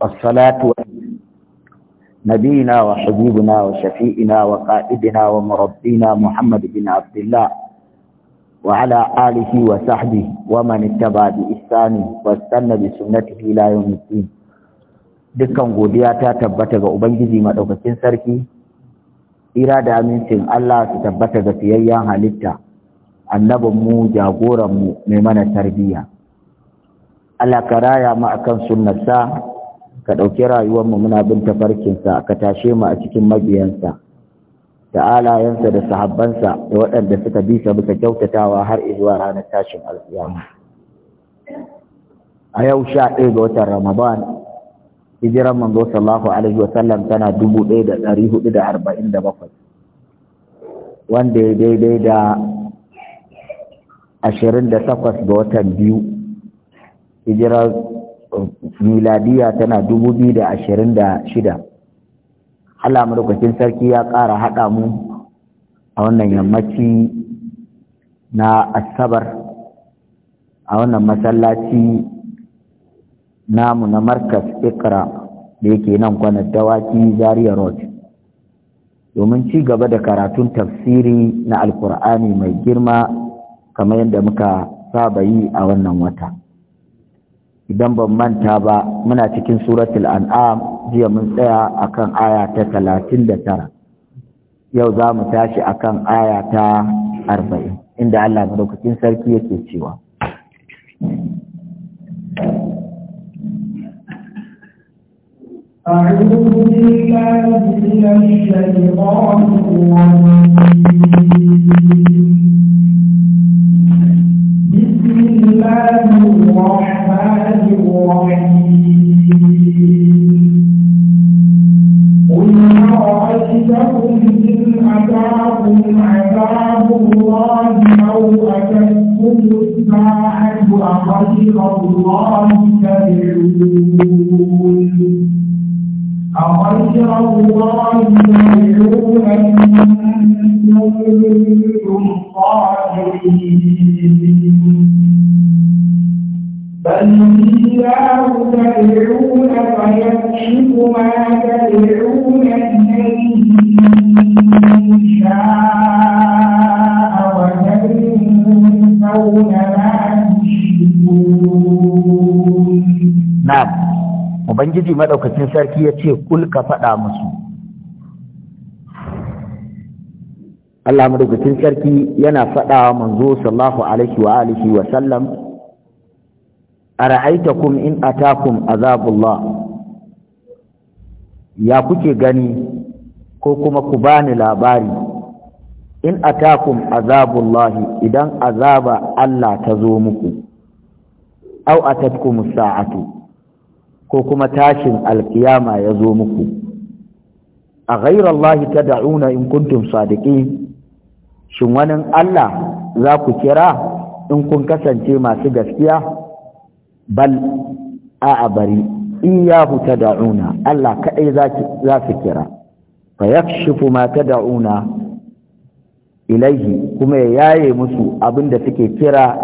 والصلاة نبينا وحبيبنا وشفيئنا وقائدنا ومربينا محمد بن عبد الله وعلى آله وصحبه ومن اتبع بإحسان واستنى بسنته إلى يوم الدين dukkan godiya ta tabbata ga Ubangiji maɗaukakin sarki, ira da amincin Allah su tabbata ga fiyayyen halitta, mu jagoran mu mai mana tarbiyya. Allah karaya mu akan sunnarsa ka ɗauki rayuwarmu muna bin tafarkinsa ka tashe mu a cikin mabiyansa da alayensa da sahabbansa da waɗanda suka bi sa bisa kyautatawa har zuwa ranar tashin alƙiyama a yau sha ɗaya ga watan ramadan hijiran manzo sallallahu alaihi wa sallam tana dubu ɗaya da ɗari hudu da arba'in da bakwai wanda ya daidai da ashirin da takwas ga watan biyu hijirar miladiya tana dubu biyu da ashirin da shida Allah lokacin sarki ya ƙara haɗa mu a wannan yammaci na asabar a wannan masallaci namu na markas ikra da yake nan kwanar dawaki zariya road domin ci gaba da karatun tafsiri na alkur'ani mai girma kamar yadda muka saba yi a wannan wata idan ban manta ba muna cikin suratul an'am jiya mun tsaya akan aya ta talatin da tara yau za mu tashi akan aya ta arba'in inda Allah madaukakin sarki yake cewa أعوذ بالله من الشيطان الرجيم وغير الله تدعون أغير الله تدعون إن كنتم صادقين بل الله تدعون فيكشف ما تدعون إليه إن شاء Na'am, Ubangiji maɗaukacin sarki ya ce, Kul faɗa musu. Allah maɗaukacin sarki yana faɗa manzo sallahu alaihi wa alihi wa sallam, A ra'aitakum in a atakum azabullah, ya kuke gani ko kuma ku bani labari. in atakum azabullahi idan azaba Allah ta zo muku au atatkum sa'atu ko kuma tashin alkiyama ya zo muku a ta da'una in kuntum sadiqin shin wani Allah za ku kira in kun kasance masu gaskiya bal a abari ta da'una. Allah kaɗai za su kira fa yakshifu ma ta da'una. ilaihi kuma ya yaye musu abin da suke kira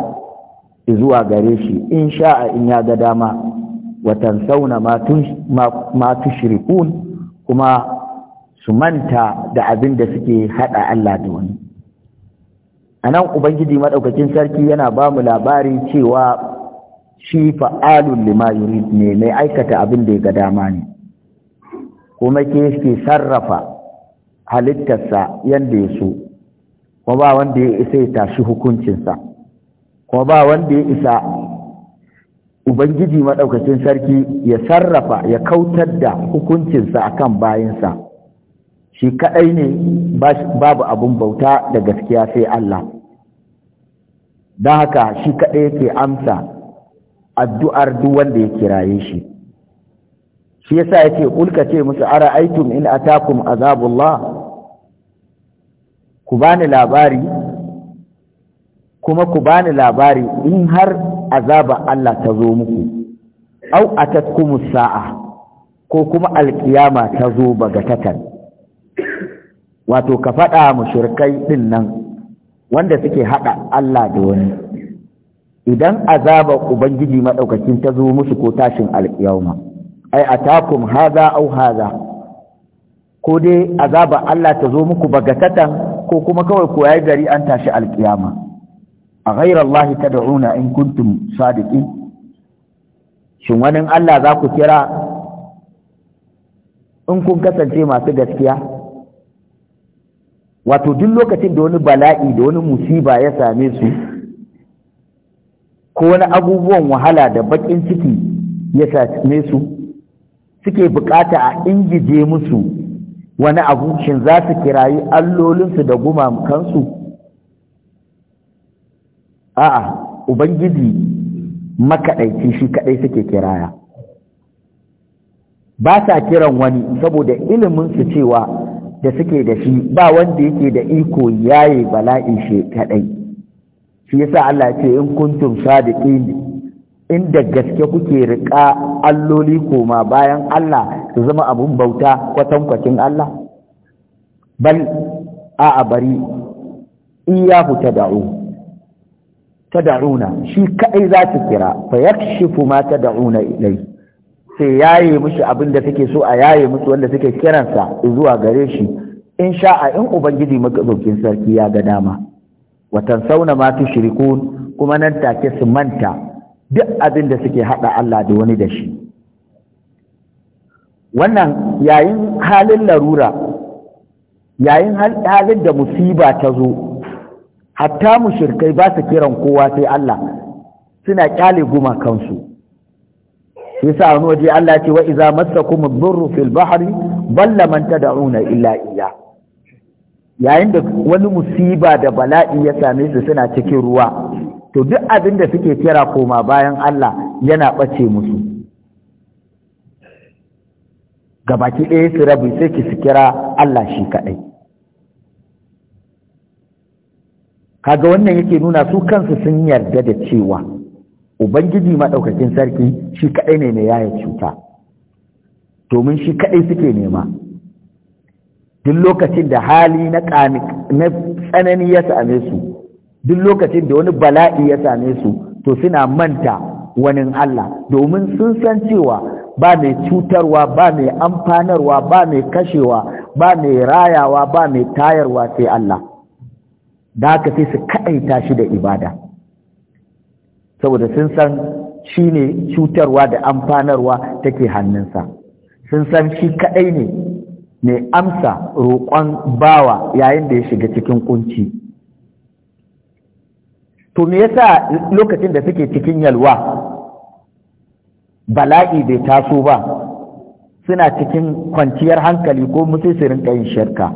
zuwa gare shi in sha'a in ya ga dama watan sauna ma tushrikun kuma su manta da abin da suke hada Allah da wani a nan ubangiji maɗaukakin sarki yana ba mu labari cewa shi fa'alun lima ne mai aikata abin da ya ga dama ne kuma ke sarrafa halittarsa yadda ya so kuma ba wanda ya isa ya tashi hukuncinsa kuma ba wanda ya isa ubangiji maɗaukacin sarki ya sarrafa ya kautar da hukuncinsa akan bayinsa, shi kaɗai ne babu abun bauta da gaskiya sai Allah don haka shi kaɗai yake amsa addu'ar duk wanda ya kiraye shi shi yasa yake kulka ce musu ara aitum in atakum azabullah ku bani labari kuma ku bani labari in har azaba Allah ta zo muku au atatkumus sa'a ko kuma alkiyama ta zo bagatakan wato ka faɗa mushrikai din nan wanda suke haɗa Allah da wani idan azaba ubangiji madaukakin ta zo musu ko tashin alkiyama ai atakum haza au haza, ko dai azaba Allah ta zo muku bagatatan ko kuma kawai ko yayi gari an tashi alkiyama a ghairar Allah tad'una in kuntum sadiqin shin wani Allah za ku kira in kun kasance masu gaskiya wato duk lokacin da wani bala'i da wani musiba ya same su ko wani abubuwan wahala da bakin ciki ya same su suke bukata a ingije musu wani abu shin za su kirayi allolinsu da gumakansu a'a ubangiji makaɗaici shi kaɗai suke kiraya ba sa kiran wani saboda iliminsu cewa da suke da shi ba wanda yake da iko yaye balai shi kaɗai shi yasa Allah ce in kuntum sadiqin inda gaske kuke riƙa alloli koma bayan Allah su zama abun bauta kwatankwacin Allah bal a bari iyahu ta da'una shi kaɗai za ta kira fa ya shifu ma ta da'una" ilai sai yaye mushi abin da suke so a yaye musu wanda suke kiransa zuwa gare shi in sha'a in ubangiji madaukin sarki ya ga dama watan sauna ma tushrikun kuma nan take su manta duk abin da suke haɗa Allah da wani da shi wannan yayin halin larura yayin halin da musiba ta zo hatta mushirkai ba su kiran kowa sai Allah suna kyale guma kansu yasa wani waje Allah ce wa iza massakum ad fil bahri balla man tad'una illa iya yayin da wani musiba da bala'i ya same su suna cikin ruwa to duk abin da suke kira koma bayan Allah yana ɓace musu gabaki ɗaya su rabu sai ki su kira Allah shi kaɗai kaga wannan yake nuna su kansu sun yarda da cewa ubangiji maɗaukakin sarki shi kaɗai ne mai yaya cuta domin shi kaɗai suke nema duk lokacin da hali na tsanani ya same su duk lokacin da wani bala'i ya same su to suna manta wani Allah domin sun san cewa ba mai cutarwa ba mai amfanarwa ba mai kashewa ba mai rayawa ba mai tayarwa sai Allah da haka sai su kaɗaita shi da ibada saboda sun san shi ne cutarwa da amfanarwa take hannunsa sun san shi kaɗai ne mai amsa roƙon bawa yayin da ya shiga cikin ƙunci. to me yasa lokacin da suke cikin yalwa bala'i bai taso ba suna cikin kwanciyar hankali ko mutu su rinka yin shirka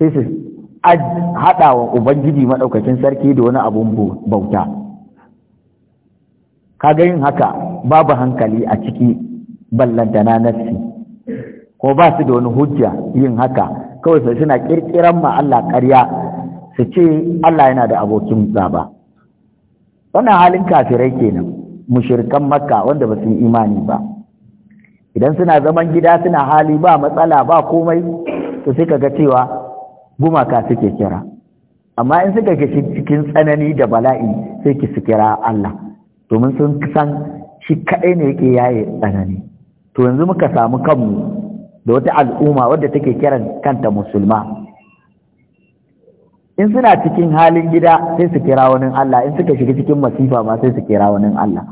sai su haɗa wa ubangiji maɗaukakin sarki da wani abun bauta kaga yin haka babu hankali a ciki ballantana nassi ko ba su da wani hujja yin haka kawai sai suna ƙirƙiran ma Allah ƙarya su ce Allah yana da abokin zaba wannan halin kafirai kenan mushirkan makka wanda ba su yi imani ba idan suna zaman gida suna hali ba matsala ba komai to sai kaga cewa gumaka suke kira amma in suka ke cikin tsanani da bala'i sai ki su kira Allah domin sun san shi kaɗai ne yake yaye tsanani to yanzu muka samu kanmu da wata al'umma wadda take kiran kanta musulma in suna cikin halin gida sai su kira wani Allah in suka shiga cikin masifa ba sai su kira wani Allah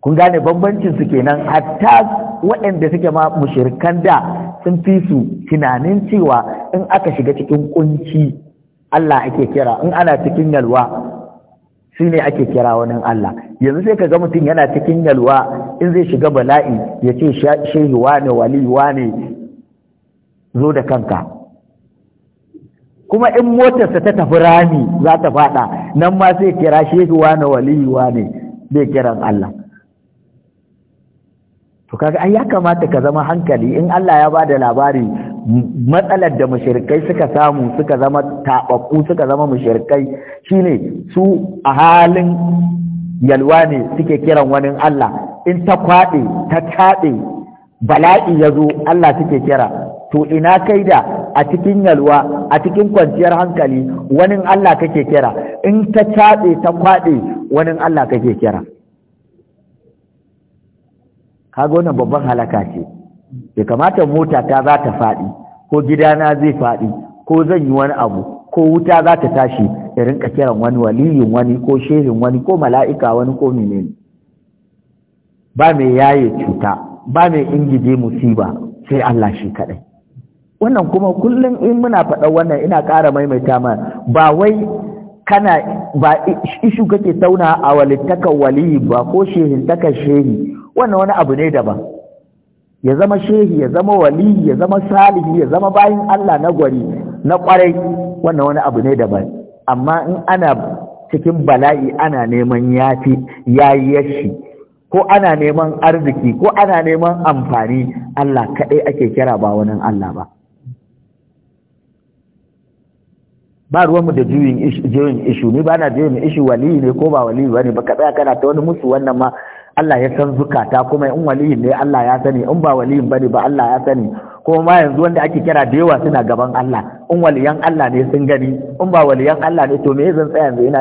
kun gane bambancin su kenan hatta waɗanda suke ma mushirkan da sun fi su tunanin cewa in aka shiga cikin kunci Allah ake kira in ana cikin yalwa shi ne ake kira wani Allah yanzu sai ka ga mutum yana cikin yalwa in zai shiga bala'i ya ce shehi ne wali ne zo da kanka kuma in motarsa ta tafi rami za ta fada nan ma sai kira shehi na waliyuwa ne bai kiran Allah to kaga ai ya kamata ka zama hankali in Allah ya ba da labari matsalar da mushrikai suka samu suka zama tababbu suka zama mushrikai shine su a halin yalwa ne suke kiran wani Allah in ta kwaɗe ta taɗe bala'i ya zo Allah suke kira to ina kai da a cikin yalwa a cikin kwanciyar hankali wani Allah kake kira in ta caɓe ta kwaɗe wani Allah kake kira Ka ga wannan babban halaka ce ya kamata mota ta za ta faɗi ko gidana zai faɗi ko zan yi wani abu ko wuta za ta tashi ya rinka kiran wani waliyin wani ko shehin wani ko mala'ika wani ko menene ba mai yaye cuta ba mai ingije musiba sai Allah shi kaɗai wannan kuma kullum in muna faɗa wannan ina ƙara maimaita ma ba wai kana ba ishu kake tauna a walittaka wali ba ko taka shehi wannan wani abu ne daban ya zama shehi ya zama wali ya zama salihi ya zama bayin Allah na gwari na kwarai wannan wani abu ne daban amma in ana cikin bala'i ana neman yafi yayi yashi ko ana neman arziki ko ana neman amfani Allah kaɗai ake kira ba wani Allah ba ba ruwanmu da juyin ishu ni ba na juyin ishu waliyi ne ko ba waliyi ba ne ba ka tsaya kana ta wani musu wannan ma Allah ya san zukata kuma in waliyin ne Allah ya sani in ba waliyin ba ne ba Allah ya sani kuma ma yanzu wanda ake kira da yawa suna gaban Allah in waliyan Allah ne sun gani in ba waliyan Allah ne to me zan tsaya yanzu ina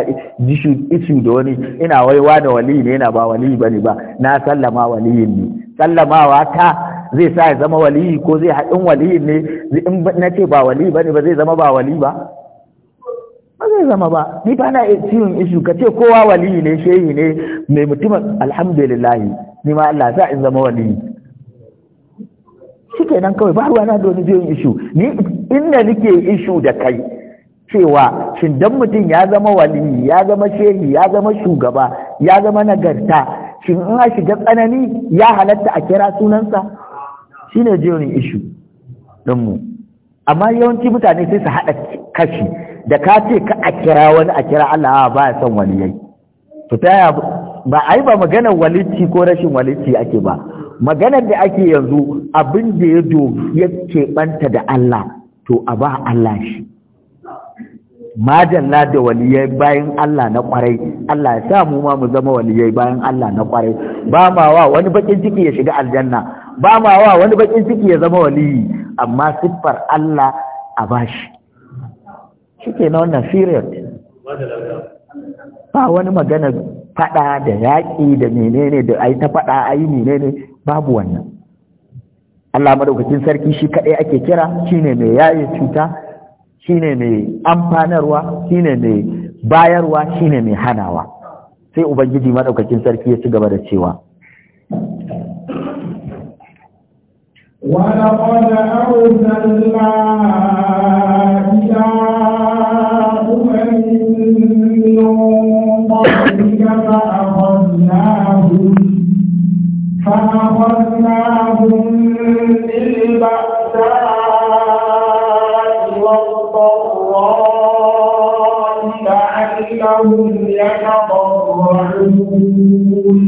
ishu da wani ina waiwa da waliyi ne ina ba waliyi ba ne ba na sallama waliyin ne sallamawa ta zai sa ya zama waliyi ko zai haɗin waliyin ne in na ce ba waliyi ba ne ba zai zama ba waliyi ba ba zai zama ba ni ba na ciwon ishu ka ce kowa waliyi ne shehi ne mai mutumin alhamdulillah ni ma Allah sa in zama waliyi shi kenan kawai ba ruwa na da ciwon ishu ni inda nike ishu da kai cewa shin dan mutum ya zama waliyi ya zama shehi ya zama shugaba ya zama nagarta shin in a shiga tsanani ya halatta a kira sunansa shine jiyoyin ishu mu amma yawanci mutane sai su haɗa kashi da ka ce ka a kira wani a kira Allah ba ya son waliyai to ta ya ba ai ba maganar walici ko rashin walici ake ba maganar da ake yanzu abin da ya do ya keɓanta da Allah to a ba Allah shi Majalla da waliyai bayan Allah na kwarai Allah ya sa mu ma mu zama waliyai bayan Allah na kwarai ba ma wa wani bakin ciki ya shiga aljanna ba ma wa wani bakin ciki ya zama waliyi amma siffar Allah a bashi shike na wannan siriyar ba wani magana fada da yaƙi da menene da ai ta fada ai menene babu wannan Allah madaukakin sarki shi kaɗai ake kira shine mai yaye cuta shine mai amfanarwa shine mai bayarwa shine mai hanawa sai ubangiji madaukakin sarki ya ci gaba da cewa ولقد أرسلنا إلى أمم من قبلك فأخذناهم فأخذناهم بالبأساء والضراء لعلهم يتضرعون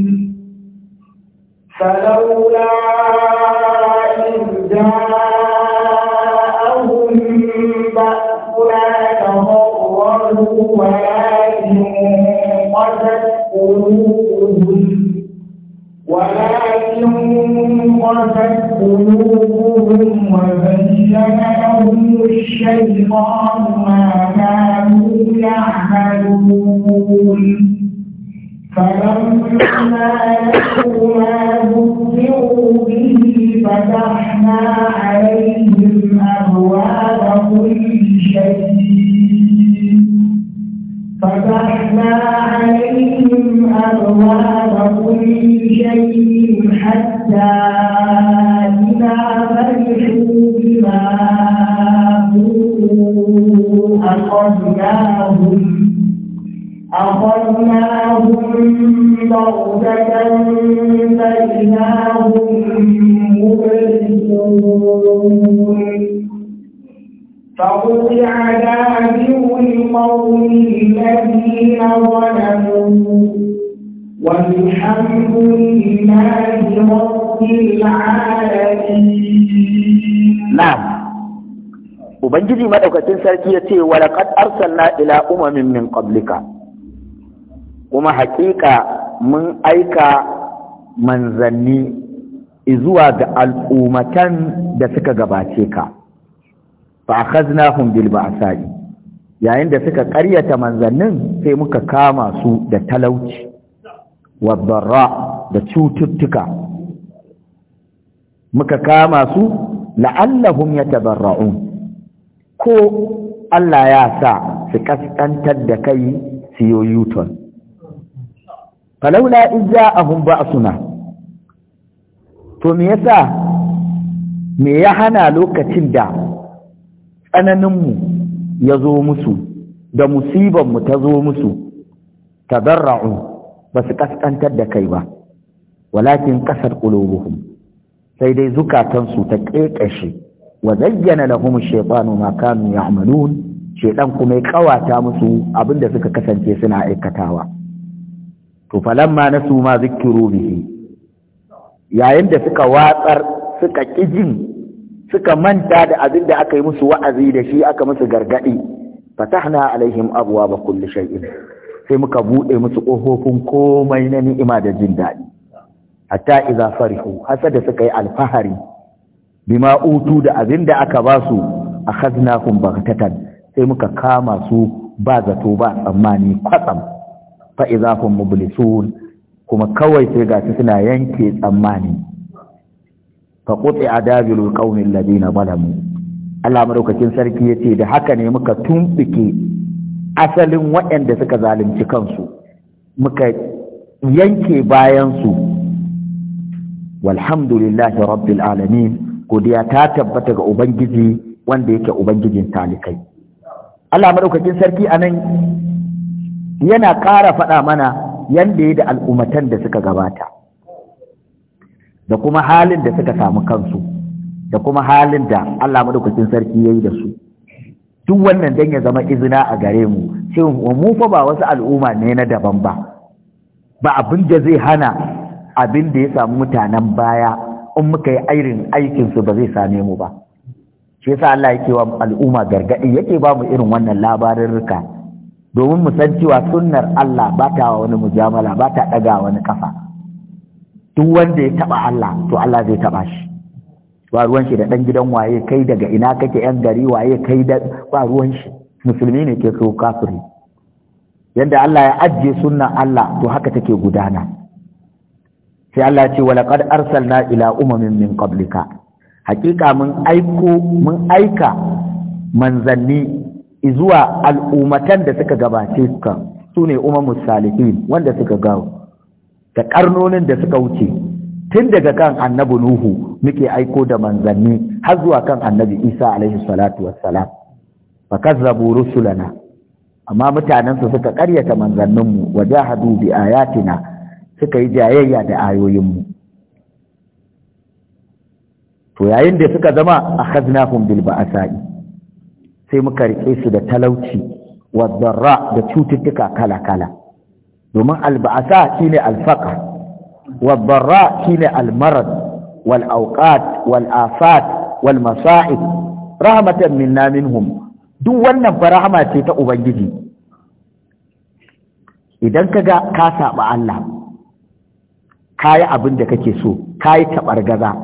فلولا قلوبهم ولكن قست قلوبهم وبين لهم الشيطان ما كانوا يعملون فلما نسوا ما ذكروا به فتحنا عليهم أبواب كل شيء فتحنا عليهم أبواب كل شيء حتى إذا فرحوا بما أخذناهم أخذناهم بغتة فإذا هم مبلسون فقد عذابه القوم الذين ظلموا والحمد لله رب العالمين نعم Ubangiji madaukakin sarki ya ce wa laqad arsalna ila umamin min qablika kuma hakika mun aika manzanni zuwa ga al'umatan da suka gabace ka fa khaznahum bil ba'sadi yayin da suka ƙaryata manzannin sai muka kama su da talauci wa darra da cututtuka muka kama su la'allahum yatabarra'un ko Allah ya sa su kaskantar da kai su yi yuton falaula in ja'ahum ba'suna to me yasa me ya hana lokacin da tsananinmu ya zo musu da musibanmu ta zo musu ta zarra'u ba su kaskantar da kai ba walakin kasar ƙulubuhun sai dai zukatansu ta ƙeƙashe wa zayyana lahum shaytanu ma kanu ya'malun shaytan kuma ya ƙawata musu abinda suka kasance suna aikatawa to falamma su ma zikiru bihi yayin da suka watsar suka ƙijin suka manta da abin da aka yi musu wa'azi da shi aka musu gargadi fatahna alaihim abwaaba kulli shay'in sai muka bude musu kofofin komai na ni'ima da jin dadi hatta idza farihu da suka yi alfahari bima utu da abin da aka ba su akhadnahum baghtatan sai muka kama su ba zato ba tsammani kwatsam fa idza hum mublisun kuma kawai sai gashi suna yanke tsammani fa a dabilu qaumil ladina zalamu Allah madaukakin sarki yace da haka ne muka tumbike asalin waɗanda suka zalunci kansu muka yanke bayansu. su walhamdulillahi rabbil alamin godiya ta tabbata ga ubangiji wanda yake ubangijin talikai Allah madaukakin sarki anan yana kara faɗa mana yanda ya da al'ummatan da suka gabata da kuma halin da suka samu kansu da kuma halin da Allah madaukakin sarki yayi da su duk wannan dan ya zama izina a gare mu shin mu fa ba wasu al'umma ne na daban ba ba abin da zai hana abin da ya samu mutanen baya in muka yi irin aikin su ba zai same mu ba shi yasa Allah yake wa al'umma gargadi yake ba mu irin wannan labarin rika domin mu san cewa sunnar Allah ba ta wa wani mujamala ba ta daga wani kafa duk wanda ya taɓa Allah to Allah zai taba shi ba ruwan shi da dan gidan waye kai daga ina kake yan gari waye kai da ba ruwan shi musulmi ne ke ko kafiri yadda Allah ya ajiye sunnan Allah to haka take gudana sai Allah ya ce walaqad arsalna ila umamin min qablika hakika mun aiko mun aika manzanni zuwa al'umatan da suka gabace ka sune umamus salihin wanda suka gawo da ƙarnonin da suka wuce tun daga kan annabi nuhu muke aiko da manzanni har zuwa kan annabi isa alaihi salatu wassalam fa kazzabu rusulana amma mutanen su suka karyata manzanninmu wa jahadu bi ayatina suka yi jayayya da ayoyin mu to yayin da suka zama akhadnahum bil ba'sa'i sai muka rike su da talauci wa da cututtuka kala kala domin alba'asa shine alfaqr wal shine almarad wal awqat wal afat wal masa'ib rahmatan hum. duk wannan fa rahama ce ta ubangiji idan kaga ka saba Allah kayi abin da kake so kayi tabargaza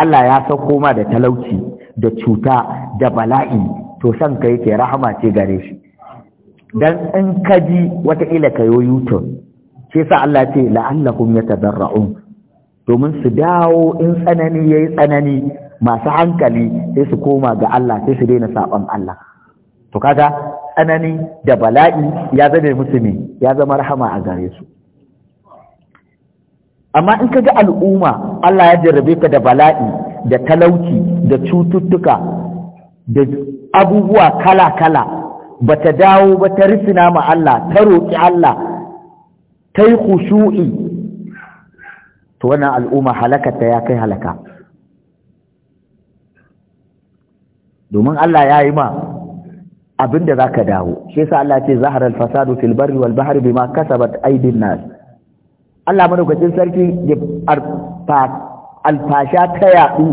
Allah ya san koma da talauci da cuta da bala'i to san ka ke rahama ce gare shi dan in ka ji wataƙila ka yi yuton, shi sa Allah ce la'allahum yatadarra'un domin su dawo in tsanani yayi tsanani masu hankali sai su koma ga Allah sai su daina saɓon Allah to kaga tsanani da bala'i ya zame musu ne ya zama rahama a gare su amma in kaga al'umma Allah ya jarrabe ka da bala'i da talauci da cututtuka da abubuwa kala-kala ba ta dawo ba ta risina ma Allah ta roƙi Allah ta yi khushu'i to wannan al'umma halakata ya kai halaka domin Allah ya yi ma abinda za ka dawo shi yasa Allah ce zahar al-fasadu fil barri wal bahri bima kasabat aydin nas Allah madaukakin sarki ya alfasha ta yaɗu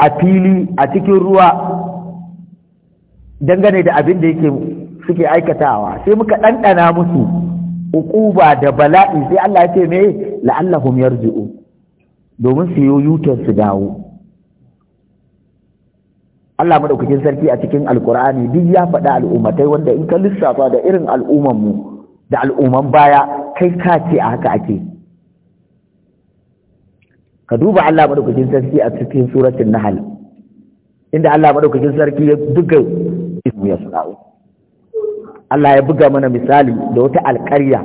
a fili a cikin ruwa dangane da abin da yake suke aikatawa sai muka ɗanɗana musu ukuba da bala'i sai Allah ya ce me la'allahum yarji'u domin su yi yutar su dawo Allah madaukakin sarki a cikin alkur'ani duk ya faɗa al'ummatai wanda in ka lissafa da irin al'umman mu da al'umman baya kai ka ce a haka ake ka duba Allah madaukakin sarki a cikin suratul nahl inda Allah madaukakin sarki ya duka ya suna'u Allah ya buga mana misali da wata alƙarya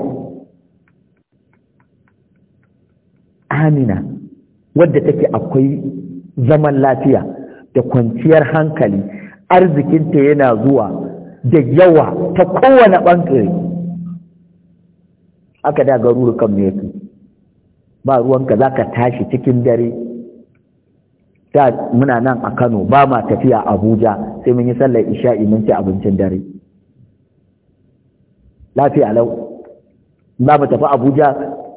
amina wadda take akwai zaman lafiya da kwanciyar hankali arzikinta yana zuwa da yawa ta kowane ɓangare aka da garurukan mai ba ruwanka za ka tashi cikin dare da muna nan a Kano ba ma tafiya Abuja sai mun yi sallar isha'i mun ci abincin dare lafiya lau ba mu tafi Abuja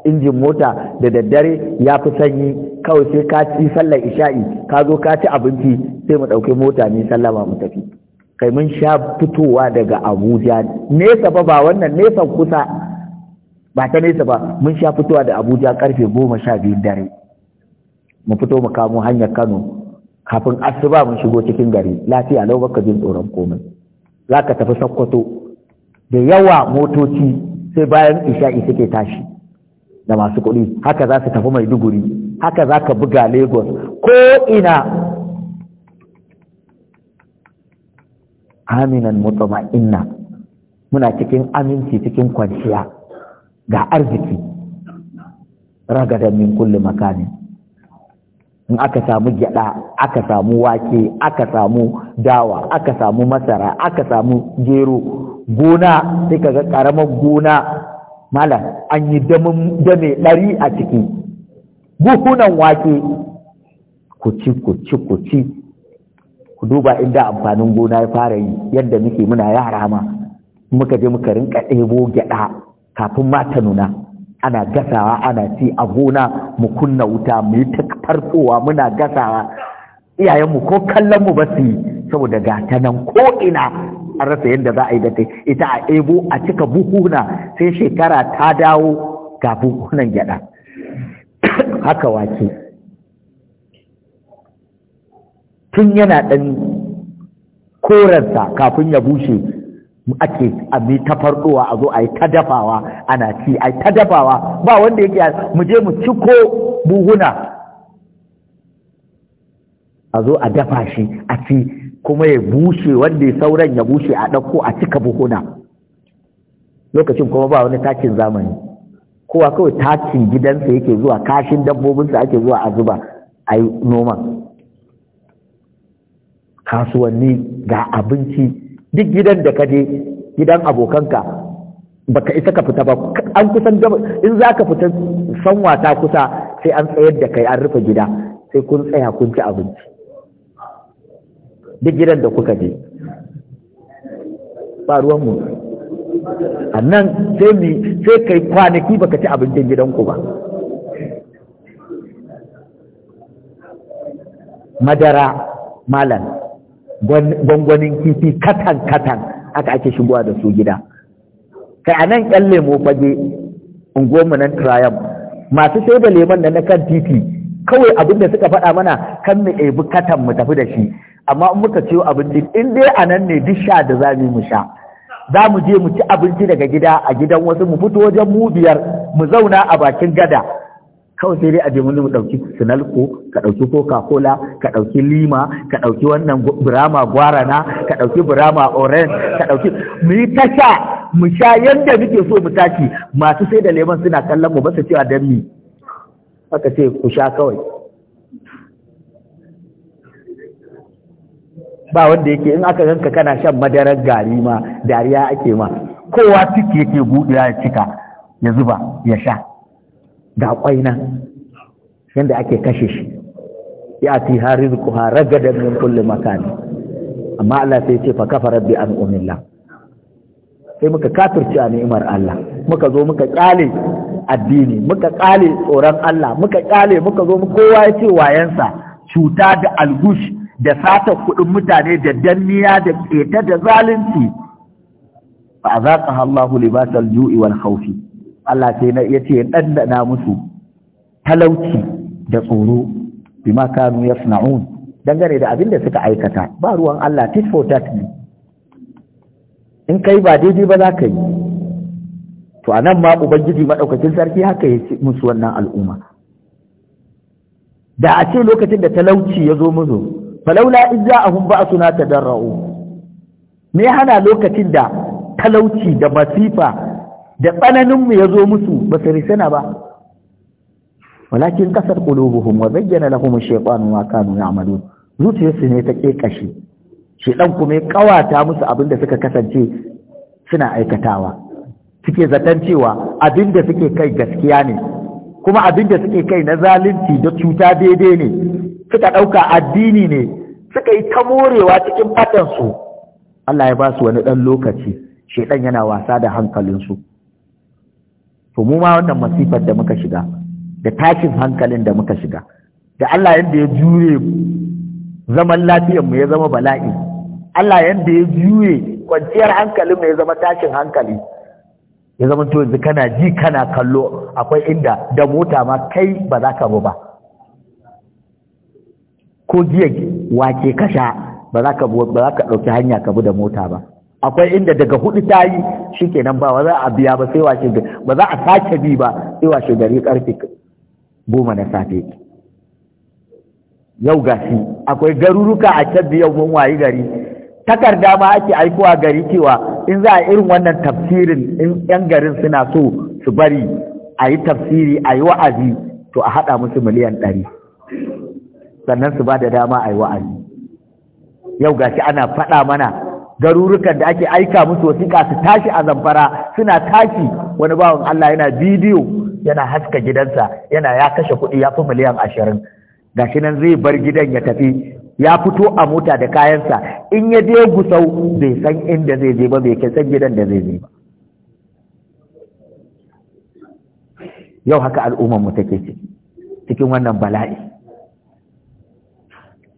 injin mota da daddare ya fi sanyi kawai sai ka ci sallar isha'i ka zo ka ci abinci sai mu ɗauki mota ne sallama mu tafi kai mun sha fitowa daga Abuja nesa ba ba wannan nesa kusa ba ta nesa ba mun sha fitowa da Abuja karfe goma sha biyun dare mu fito mu kamo hanyar Kano kafin asuba mun shigo cikin gari lafiya lau baka jin tsoron komai za ka tafi Sakkwato da yawa motoci sai bayan isha'i suke tashi da masu kuɗi haka za su tafi Maiduguri haka za ka buga Lagos ko ina aminan Inna muna cikin aminci cikin kwanciya ga arziki ragadan min kulli makanin in aka samu gyada aka samu wake aka samu dawa aka samu masara aka samu gero gona sai kaga karamar gona mala an yi dame ɗari a ciki buhunan wake ku ci ku ci ku ci duba inda amfanin gona ya fara yi yadda muke muna yara ma muka je muka rinka ɗebo gyaɗa kafin ma nuna ana gasawa ana ci a gona mu kunna wuta mu yi ta muna gasawa iyayenmu ko kallon mu ba su yi saboda ga ta nan ko ina an rasa yadda za a yi da ta ita a ebo a cika buhuna sai shekara ta dawo ga buhunan gyada haka wake tun yana ɗan korarsa kafin ya bushe ake abi ta farɗowa a zo a yi ta dafawa ana ci a yi ta dafawa ba wanda yake mu je mu ciko buhuna a zo a dafa shi a ci kuma ya bushe wanda sauran ya bushe a ɗauko a cika buhuna lokacin kuma ba wani takin zamani kowa kawai takin gidansa yake zuwa kashin dabbobinsa ake zuwa a zuba a yi noma kasuwanni ga abinci duk gidan da ka je gidan abokanka baka isa ka fita ba an kusan gaba in za ka fita san wata kusa sai an tsayar da kai an rufe gida sai kun tsaya kun ci abinci duk gidan da kuka je ba mu. a nan sai mi sai kai kwanaki baka ci abincin gidanku ba madara malam gwangwanin kifi katan-katan aka ake shigowa da su gida kai anan nan ƴan lemo fage unguwanmu nan triumph masu sai da lemon da na kan titi kawai abin da suka faɗa mana kan mu ɗebi katan mu tafi da shi amma in muka ciwo abinci in dai anan ne duk sha da za mu sha za mu je mu ci abinci daga gida a gidan wasu mu fito wajen mu biyar mu zauna a bakin gada kawai sai dai a je mun mu dauki sinalko ka ɗauki coca cola ka ɗauki lima ka ɗauki wannan birama gwarana ka dauki birama orange ka dauki mu yi tasha mu sha yanda muke so mu tashi masu sai da lemon suna kallon mu ba su cewa dan mi aka ce ku sha kawai ba wanda yake in aka ganka kana shan madarar gari ma dariya ake ma kowa ciki yake buɗewa ya cika ya zuba ya sha ga kwaina yanda ake kashe shi ya ti harizquha ragadan min kulli makani. amma Allah sai ce fa kafara bi an umilla sai muka kafirci a ni'imar Allah muka zo muka kyale addini muka kyale tsoron Allah muka kyale muka zo kowa ya ce wayansa cuta da algush da sata kudin mutane da danniya da keta da zalunci fa azaqaha Allahu libasal ju'i wal khawfi Allah sai na ya ce na musu talauci da tsoro bima kanu yasna'un dangane da abin da suka aikata ba ruwan Allah tit for tat ne in kai ba daidai ba za ka yi to a ma ubangiji maɗaukacin sarki haka ya musu wannan al'umma da a ce lokacin da talauci ya zo muzo falaula in za a ba suna ta me hana lokacin da talauci da masifa da tsananinmu ya zo musu ba su risana ba walakin kasar qulubuhum wa zayyana lahum ash-shaytanu ma kanu ya'malun zuciyarsu ne ta shi dan kuma ya kawata musu abin da suka kasance suna aikatawa suke zaton cewa abin da suke kai gaskiya ne kuma abin da suke kai na zalunci da cuta daidai ne suka ɗauka addini ne suka yi ta morewa cikin su Allah ya ba su wani ɗan lokaci shedan yana wasa da hankalinsu to mu ma wannan masifar da muka shiga da tashin hankalin da muka shiga da Allah yadda ya jure zaman lafiyar mu ya zama bala'i Allah yadda ya jure kwanciyar hankalin mu ya zama tashin hankali ya zama to yanzu kana ji kana kallo akwai inda da mota ma kai ba za ka bu ba ko giya wake kasha ba ka ba za ka ɗauki hanya ka bu da mota ba akwai inda daga hudu ta yi kenan ba za a biya ba sai washe ba za a sake bi ba sai washe gari karfe goma na safe yau ga shi akwai garuruka a cabbi yau mun wayi gari takarda ma ake aikowa gari cewa in za a irin wannan tafsirin in yan garin suna so su bari a yi tafsiri a yi wa'azi to a haɗa musu miliyan ɗari sannan su ba da dama a yi wa'azi yau ga shi ana faɗa mana garurukan da ake aika musu wasiƙa su tashi a zamfara suna tashi wani bawan Allah yana bidiyo yana haska gidansa yana ya kashe kuɗi ya fi miliyan ashirin shi nan zai bar gidan ya tafi ya fito a mota da kayansa in ya je gusau bai san inda zai je ba bai san gidan da zai je ba yau haka al'ummar mu take ce cikin wannan bala'i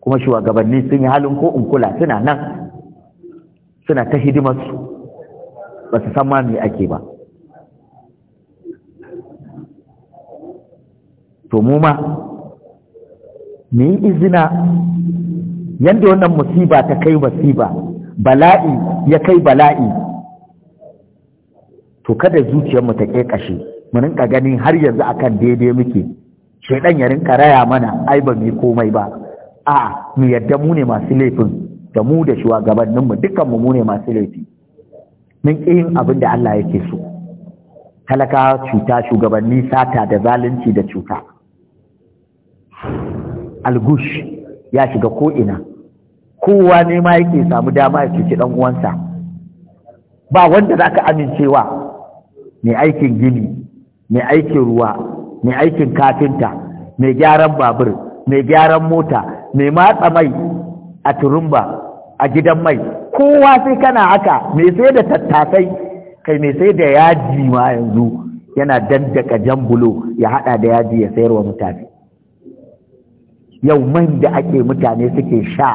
kuma shugabanni sun yi halin ko in kula suna nan suna ta hidimarsu ba su san ma ake ba to mu ma mu yi izina yadda wannan musiba ta kai musiba bala'i ya kai bala'i to kada zuciyarmu ta kashe, mu rinka ganin har yanzu akan daidai muke shaidan ya rinka raya mana ai ba mu komai ba A'a mu yadda mu ne masu laifin da mu da shugabanninmu gabanin mu ne masu laifi mun kiyin yin abin da Allah yake so talaka cuta shugabanni sata da zalunci da cuta algush ya shiga ko'ina kowa ne ma yake samu dama ya cuci ɗan uwansa ba wanda zaka ka amincewa mai aikin gini mai aikin ruwa mai aikin kafinta mai gyaran babur mai gyaran mota mai matsa mai a turumba a gidan mai kowa sai kana haka mai sai da tattasai kai mai sai da yaji ma yanzu yana dandaka jan bulo ya hada da yaji ya sayarwa mutane yau man da ake mutane suke sha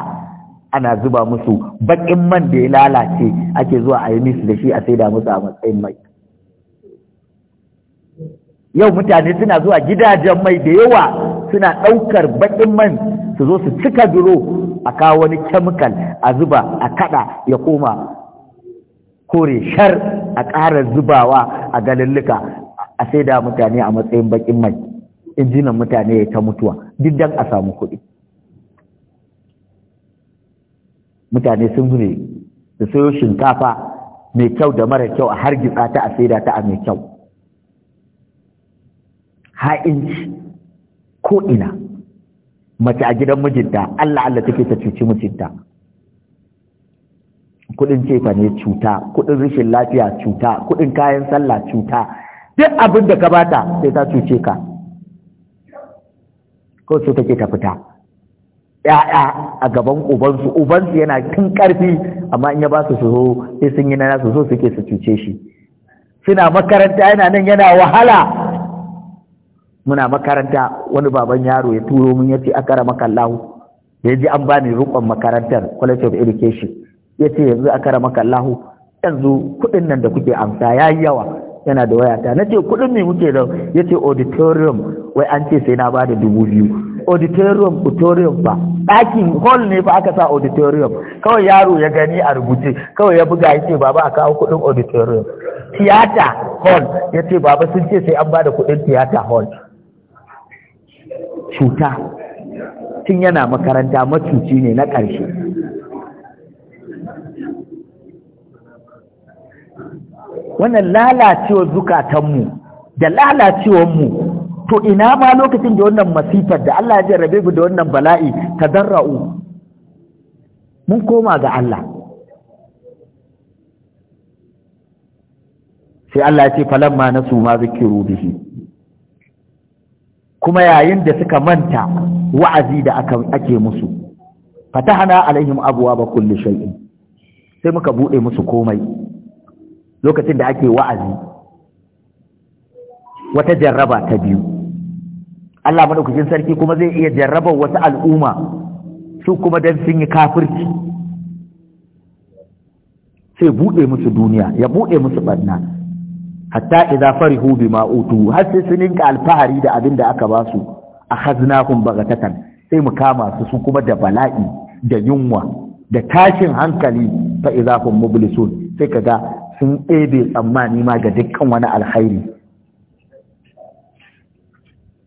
ana zuba musu baƙin man da ya lalace ake zuwa a yi musu da shi a sai da musu a matsayin mai yau mutane suna zuwa gidajen mai da yawa suna ɗaukar baƙin man su zo su cika duro a kawo wani kemikal a zuba a kada ya koma kore shar a ƙara zubawa a galalluka a sai da mutane a matsayin bakin mai injinan mutane ya ta mutuwa duk dan a samu kuɗi mutane sun zune da sayo shinkafa mai kyau da mara kyau a hargitsa ta a da ta a mai kyau ha'inci ko ina mace a gidan mijinta Allah Allah take ta cuci mijinta kudin cefa ne cuta kudin rashin lafiya cuta kudin kayan sallah cuta duk abin da ka bata sai ta cuce ka ko su take ta fita ya'ya a gaban ubansu ubansu yana kin karfi amma in ya ba su so sai sun yi na nasu so suke su cuce shi suna makaranta yana nan yana wahala muna makaranta wani baban yaro ya turo mun yace akara makallahu ya ji an bani rukon makarantar college of education yace yanzu akara makallahu yanzu kuɗin nan da kuke amsa yayi yawa yana da wayata na ce kuɗin me muke da ya ce auditorium wai an ce sai na ba da dubu biyu auditorium auditorium ba ɗakin hall ne fa aka sa auditorium kawai yaro ya gani a rubuce kawai ya buga ya ce baba a kawo kuɗin auditorium tiyata hall ya ce baba sun ce sai an ba da kuɗin tiyata hall cuta tun yana makaranta macuci ne na ƙarshe wannan lalacewar zukatanmu da lalacewarmu to ina ma lokacin da wannan masifar da Allah ya rabe mu da wannan bala'i ta zarra'u? mun koma ga Allah sai Allah ya ce falamma su ma zikiru bihi kuma yayin da suka manta wa'azi da ake musu fatahna alaihim ba kulli shay'in sai muka bude musu komai lokacin da ake wa'azi wata jarraba ta biyu Allah madaukakin sarki kuma zai iya jarrabar wata al'umma su kuma dan sun yi kafirci sai bude musu duniya ya bude musu barna hatta idza farihu bima utu har sai sun alfahari da abin da aka ba su khaznahum baghatatan sai mu kama su su kuma da bala'i da yunwa da tashin hankali fa idza hum mublisun sai kaga sun ebe tsammani ma ga dukkan wani alkhairi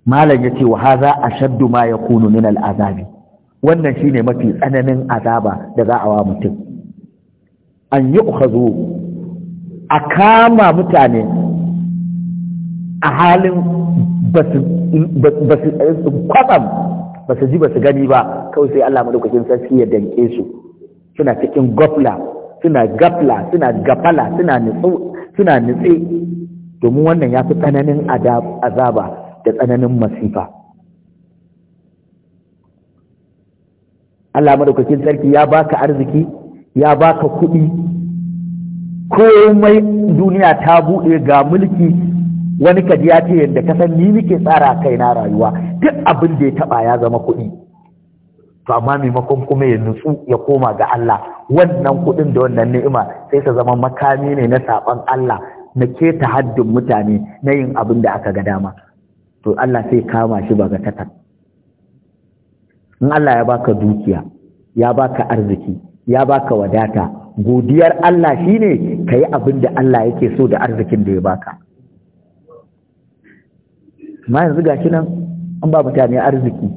malam yace wa hadha ashaddu ma yakunu min al'azabi wannan shine mafi tsananin azaba da za a wa mutum an yi ukhazu a kama mutane a halin kwatsam ba su ji ba su gani ba kawai sai Allah madaukakin sarki ya danke su suna cikin gafla suna gafla suna gafala suna nutsu suna nutse domin wannan ya fi tsananin azaba da tsananin masifa Allah madaukakin sarki ya baka arziki ya baka kuɗi komai duniya ta buɗe ga mulki wani kaji ya ce yadda ka san ni nake tsara kai na rayuwa duk abin da ya taɓa ya zama kuɗi to amma maimakon kuma ya nutsu ya koma ga Allah wannan kuɗin da wannan ni'ima sai ta zama makami ne na saɓan Allah na keta haddin mutane na yin abin da aka ga dama to Allah sai kama shi bagatatan in Allah ya baka dukiya ya baka arziki ya baka wadata godiyar Allah shine ka yi abin da Allah yake so da arzikin da ya baka ma yanzu ga shi nan an ba mutane arziki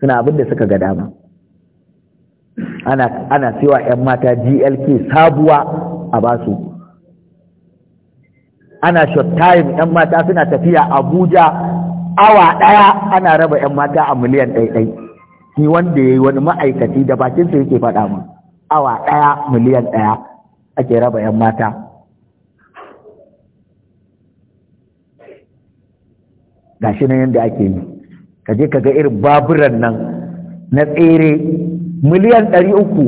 suna abin da suka ga dama ana ana sewa 'yan mata glk sabuwa a basu ana short time 'yan mata suna tafiya abuja awa ɗaya ana raba 'yan mata a miliyan ɗaiɗai ni wanda yi wani ma'aikaci da bakinsa yake faɗa mu awa ɗaya miliyan ɗaya ake raba yan mata ga shi nan yadda ake yi ka je ka ga irin baburan nan na tsere miliyan ɗari uku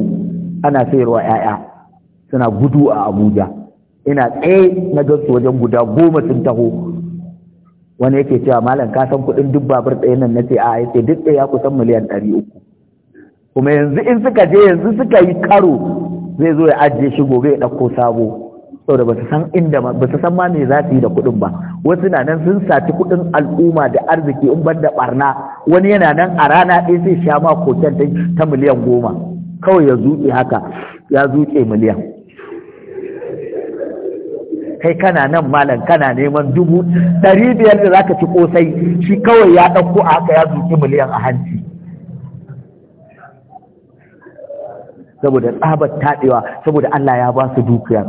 ana sayarwa 'ya'ya suna gudu a abuja ina tsaye na gansu wajen guda goma sun taho wani yake cewa malam ka san kuɗin duk babur ɗaya nan na ce a ce duk ɗaya kusan miliyan ɗari uku kuma yanzu in suka je yanzu suka yi karo zai zo ya ajiye shi gobe ya ɗauko sabo saboda ba su san inda ba su san ma me za su yi da kuɗin ba wasu na nan sun saci kuɗin al'umma da arziki in ban da ɓarna wani yana nan a rana ɗaya zai sha ma koken ta miliyan goma kawai ya zuƙe haka ya zuƙe miliyan kai kana nan malam kana neman dubu ɗari biyar da zaka ci kosai shi kawai ya ɗauko a haka ya zuci miliyan a hanci saboda tsabar taɗewa saboda Allah ya ba su dukiya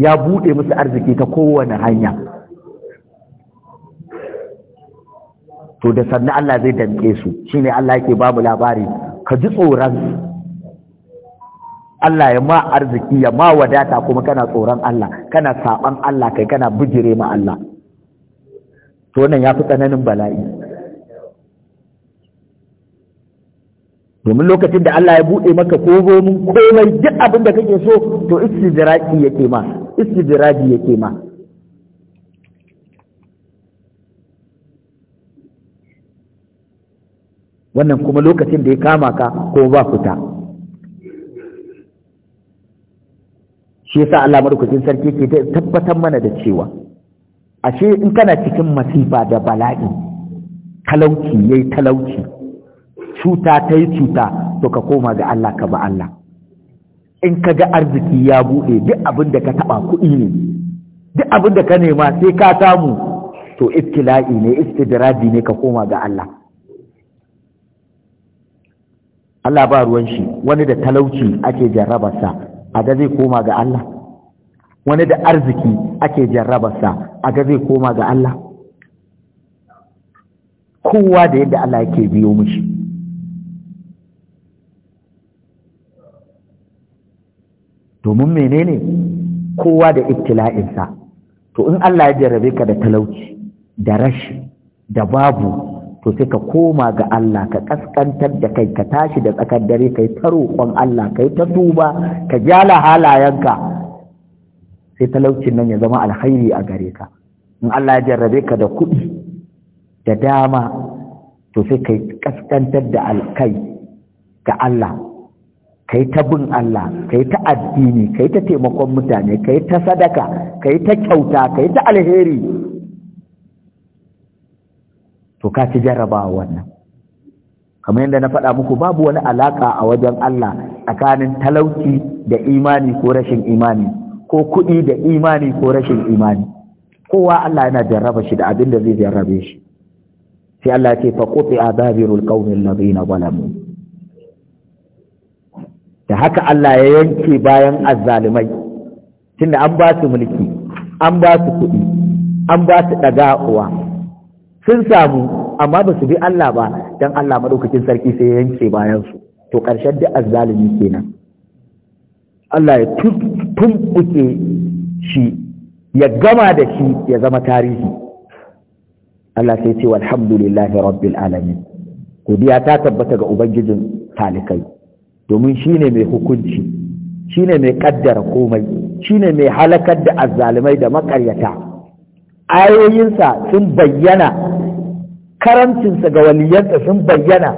ya buɗe musu arziki ta kowane hanya to da sannan Allah zai damƙe su shine Allah yake mu labari ka ji tsoron Allah ya ma arziki ya ma wadata kuma kana tsoron Allah kana saban Allah kai kana bijire ma Allah to wannan ya fi tsananin bala'i domin lokacin da Allah ya buɗe maka mun komai duk abin da kake so to istidraji yake ma istidraji yake ma wannan kuma lokacin da ya kama ka ko ba fita shi yasa Allah madaukakin sarki ke tabbatar mana da cewa ashe in kana cikin masifa da bala'i talauci yayi talauci cuta ta yi cuta to ka koma ga Allah ka ba Allah in ka ga arziki ya buɗe duk abin da ka taɓa kuɗi ne duk abin da ka nema sai ka samu to ibtila'i ne istidraji ne ka koma ga Allah Allah ba ruwan shi wani da talauci ake jarrabarsa a ga zai koma ga Allah wani da arziki ake jarrabarsa a ga zai koma ga Allah kowa da yadda Allah yake biyo mishi domin menene kowa da ibtila'insa to in Allah ya jarrabe ka da talauci da rashi da babu to sai ka koma ga Allah ka kaskantar da kai ka tashi da tsakar dare kai ta roƙon Allah kai ta duba, ka jala halayenka sai talaucin nan ya zama alkhairi a gare ka in Allah ya jarrabe ka da kuɗi da dama to sai kai kaskantar da alkai ga Allah kai ta bin Allah kai ta addini kai ta taimakon mutane kai ta sadaka kai ta kyauta kai ta alheri to ka ci jarrabawa wannan kamar yadda na faɗa muku babu wani alaƙa a wajen Allah tsakanin talauci da imani ko rashin imani ko kuɗi da imani ko rashin imani kowa Allah yana jarraba shi da abin da zai jarrabe shi sai Allah ce fa quti adabirul qaumin ladina zalamu da haka Allah ya yanke bayan azzalimai tunda an ba su mulki an ba su kuɗi an ba su uwa. sun samu amma ba su bi Allah ba don Allah maɗaukakin sarki sai yanke bayan su to ƙarshen da azzalumi kenan Allah ya tumɓuke shi ya gama da shi ya zama tarihi Allah sai ce walhamdulillahi rabbil alami godiya ta tabbata ga ubangijin talikai domin shi ne mai hukunci shi ne mai kaddara komai shi ne mai halakar da azzalumai da maƙaryata. ayoyinsa sun bayyana karancinsa ga waliyansa sun bayyana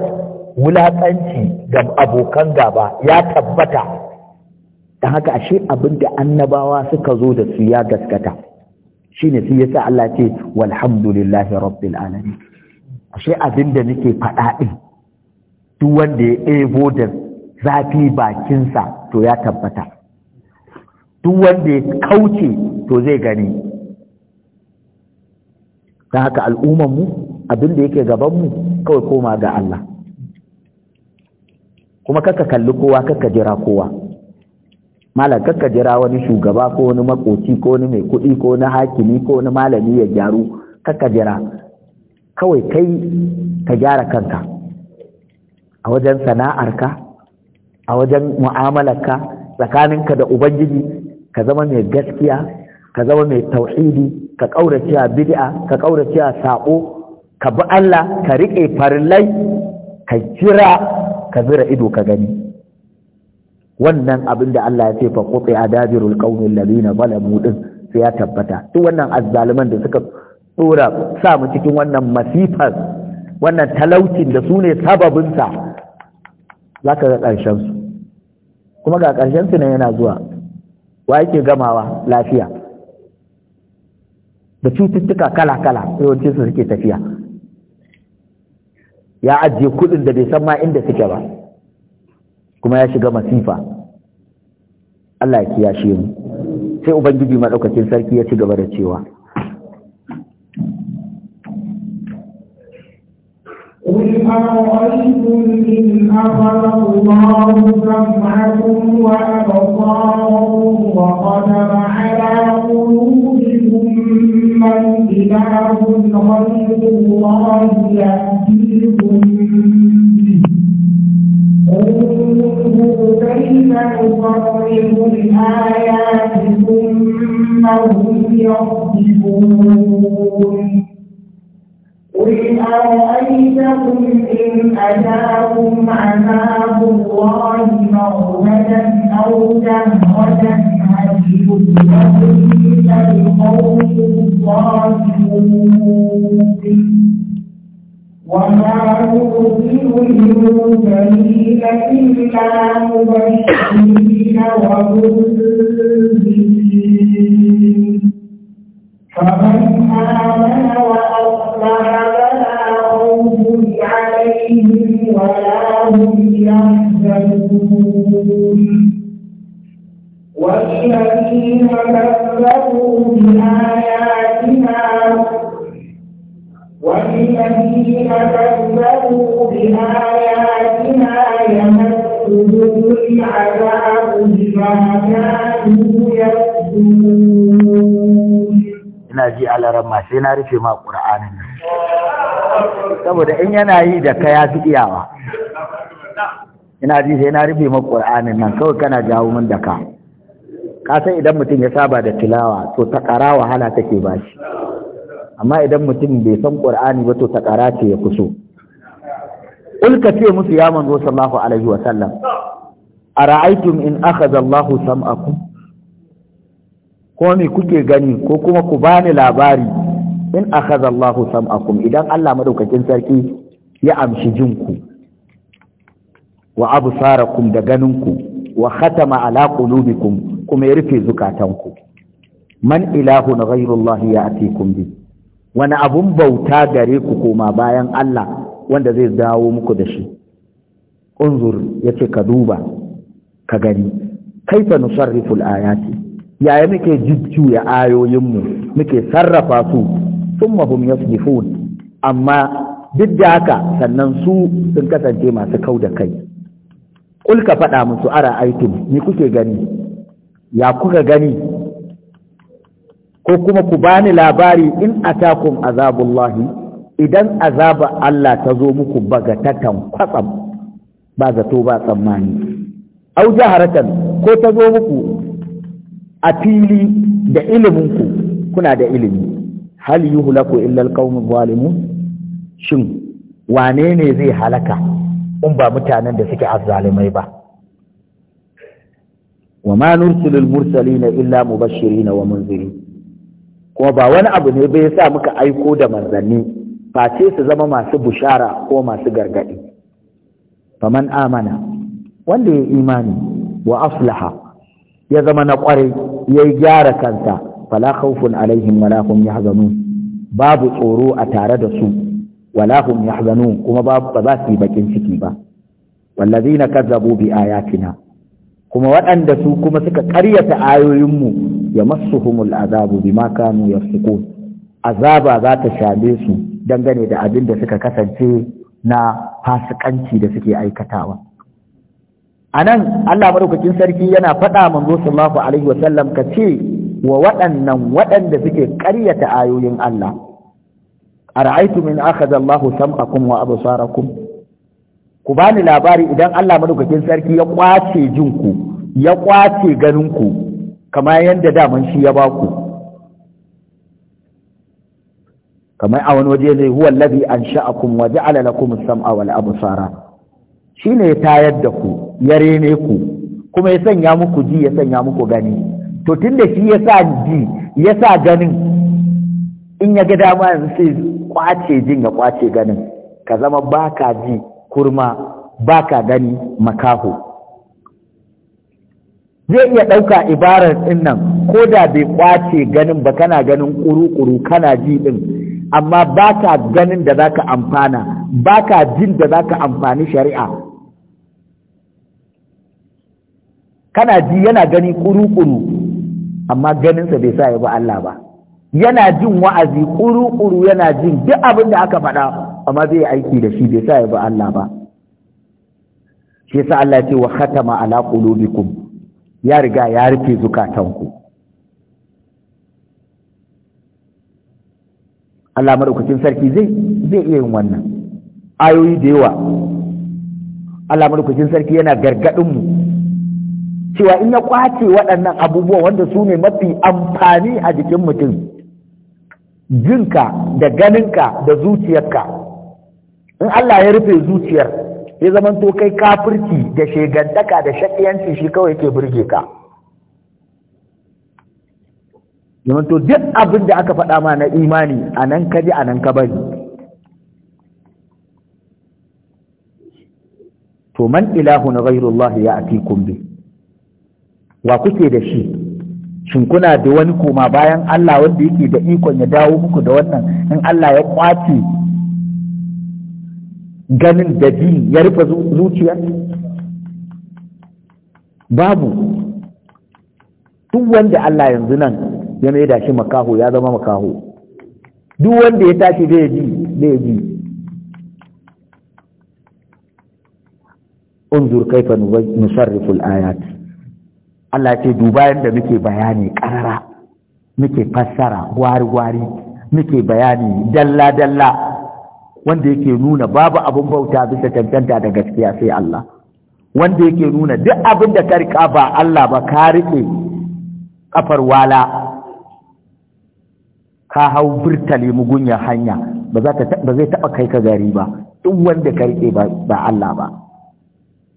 wulaƙanci ga abokan gaba ya tabbata don haka ashe abin da annabawa suka zo da su ya gaskata shine su yasa Allah ce walhamdulillahi rabbil alamin ashe abin da nake faɗa ɗin duk wanda ya ɗebo da zafi bakinsa to ya tabbata duk wanda ya kauce to zai gani don haka al'ummanmu abin da yake gabanmu kawai koma ga Allah kuma kaka kalli kowa kaka jira kowa malam kakka jira wani shugaba ko wani makoci ko wani mai kuɗi ko wani hakimi ko wani malami ya gyaru kakka jira kawai kai ka gyara kanka a wajen sana'arka a wajen mu'amalarka tsakaninka da ubangiji ka zama mai gaskiya ka zama mai tauhidi ka ƙaura a bid'a ka ƙaura a saƙo, ka bi Allah ka riƙe farillai ka kira, ka zira ido ka gani wannan abin da Allah ya ce fa qutu adabirul qaumil ladina zalamu din sai ya tabbata duk wannan azzaliman da suka tsora sa mu cikin wannan masifar wannan talaucin da su ne sababinsa za ka ga su, kuma ga karshen su ne yana zuwa wa yake gamawa lafiya da cututtuka kala-kala yawancin su suke tafiya ya ajiye kuɗin da bai san ma inda suke ba kuma ya shiga masifa Allah ya kiyashe mu sai ubangiji maɗaukakin sarki ya ci gaba da cewa قل أرأيتم إن أخذ الله سمعكم وأبصاركم وختم على قلوبكم من إله غير الله يأتيكم به انظر كيف نصرف الآيات ثم هم يصدفون قل أرأيتكم إن أتاكم عذاب الله مرمدا أو دهرة هل يدرك القوم الظالمون وما نرسل المرسلين إلا مبشرين ومنذرين فمن آمن وأمن أصبح فلا خوف عليهم ولا هم يحزنون والذين كذبوا بآياتنا والذين العذاب بما كانوا يكذبون ina ji a ma sai na rufe ma ƙur'anin nan saboda in yana yi da ka ya fi iyawa ina ji sai na rufe ma ƙur'anin nan kawai kana jawo min da ka ka san idan mutum ya saba da tilawa to ta ƙara wahala take ba shi amma idan mutum bai san ƙur'ani ba to ta ƙara ce ya kuso ulka ce musu ya manzo sallallahu alaihi wa sallam ara'aytum in akhadha Allahu sam'akum ko me kuke gani ko kuma ku bani labari in akhadha Allahu sam'akum idan Allah madaukakin sarki ya amshi jinku wa absarakum da ganinku wa khatama ala qulubikum kuma ya rufe zukatanku man ilahun ghayrullahi ya'tikum bi wani abun bauta gare ku koma bayan Allah wanda zai dawo muku da shi unzur yace ka duba ka gani kaifa nusarrifu al-ayati yaya muke jujjuya ayoyinmu muke sarrafa su sun mahum yasnifun amma duk da haka sannan su sun kasance masu kau da kai Kulka ka faɗa musu ara aikin ni kuke gani ya kuka gani ko kuma ku bani labari in atakum azabullahi idan azaba Allah ta zo muku bagatatan kwatsam ba zato ba tsammani au jaharatan ko ta zo muku a fili da iliminku kuna da ilimi hal yuhlaku illa alqawmu zalimun shin wane ne zai halaka in ba mutanen da suke azzalimai ba wa ma nursilul mursalina illa mubashirina wa munzirin kuma ba wani abu ne bai sa muka aiko da manzanni face su zama masu bushara ko masu gargadi faman amana wanda ya imani wa aslaha ya zama na kwarai ya yi gyara kansa fala khawfun alaihim wala hum yahzanun babu tsoro a tare da su wala hum yahzanun kuma ba za su yi bakin ciki ba wallazina kazzabu bi ayatina kuma waɗanda su kuma suka ƙaryata ayoyinmu ya massuhumul azabu bima kanu yafsukun azaba za ta shabe su dangane da abin da suka kasance na fasikanci da suke aikatawa a nan Allah madaukakin sarki yana faɗa manzo sallallahu alaihi wasallam ka ce wa waɗannan waɗanda suke ƙaryata ayoyin Allah ara'aytu min akhadha Allah sam'akum wa absarakum ku bani labari idan Allah madaukakin sarki ya kwace jinku ya kwace ganinku kamar yadda daman shi ya baku kamar a wani waje ne huwa allazi ansha'akum wa ja'ala lakum as-sam'a wal absara shi ne ya tayar da ku ya rene ku kuma ya sanya muku ji ya sanya muku gani to tun da shi ya sa ji ya sa ganin in ya ga dama yanzu sai kwace jin ya kwace ganin ka zama baka ji kurma baka gani makaho zai iya ɗauka ibarar ɗin nan ko da bai kwace ganin ba kana ganin ƙuru-ƙuru kana ji ɗin amma ba ka ganin da za ka amfana ba ka jin da za ka amfani shari'a kana ji yana gani kuru-kuru amma ganinsa bai sa ya ba Allah ba yana jin wa'azi kuru yana jin duk abin da aka faɗa amma zai aiki da shi bai sa ya ba Allah ba shi sa Allah ce wa khatama ala qulubikum ya riga ya rufe zukatanku Allah madaukakin sarki zai zai iya yin wannan ayoyi da yawa Allah madaukakin sarki yana gargadin mu cewa in ya kwace waɗannan abubuwa wanda su ne mafi amfani a jikin mutum jinka da ganinka da zuciyarka in Allah ya rufe zuciyar ya zama to kai kafirci da shegantaka da shakiyanci shi kawai yake burge ka zaman to duk abin da aka faɗa ma na imani a nan ka ji a nan ka bari to man ilahu na ghairullah ya atikum bi wa kuke da shi shin kuna da wani koma bayan Allah wanda yake da ikon ya dawo muku da wannan in Allah ya kwace ganin da ji ya rufe zuciya babu duk wanda Allah yanzu nan ya mai da shi makaho ya zama makaho duk wanda ya tashi zai ji zai ji unzur kaifa nusarrifu al-ayat Allah ce duba yadda muke bayani ƙarara muke fassara gwari-gwari muke bayani dalla-dalla wanda yake nuna babu abin bauta bisa cancanta da gaskiya sai Allah wanda yake nuna duk abin da ka riƙa ba Allah ba ka riƙe kafar wala ka hau birtale mugunyar hanya ba zai taɓa kai ka gari ba duk wanda ka riƙe ba Allah ba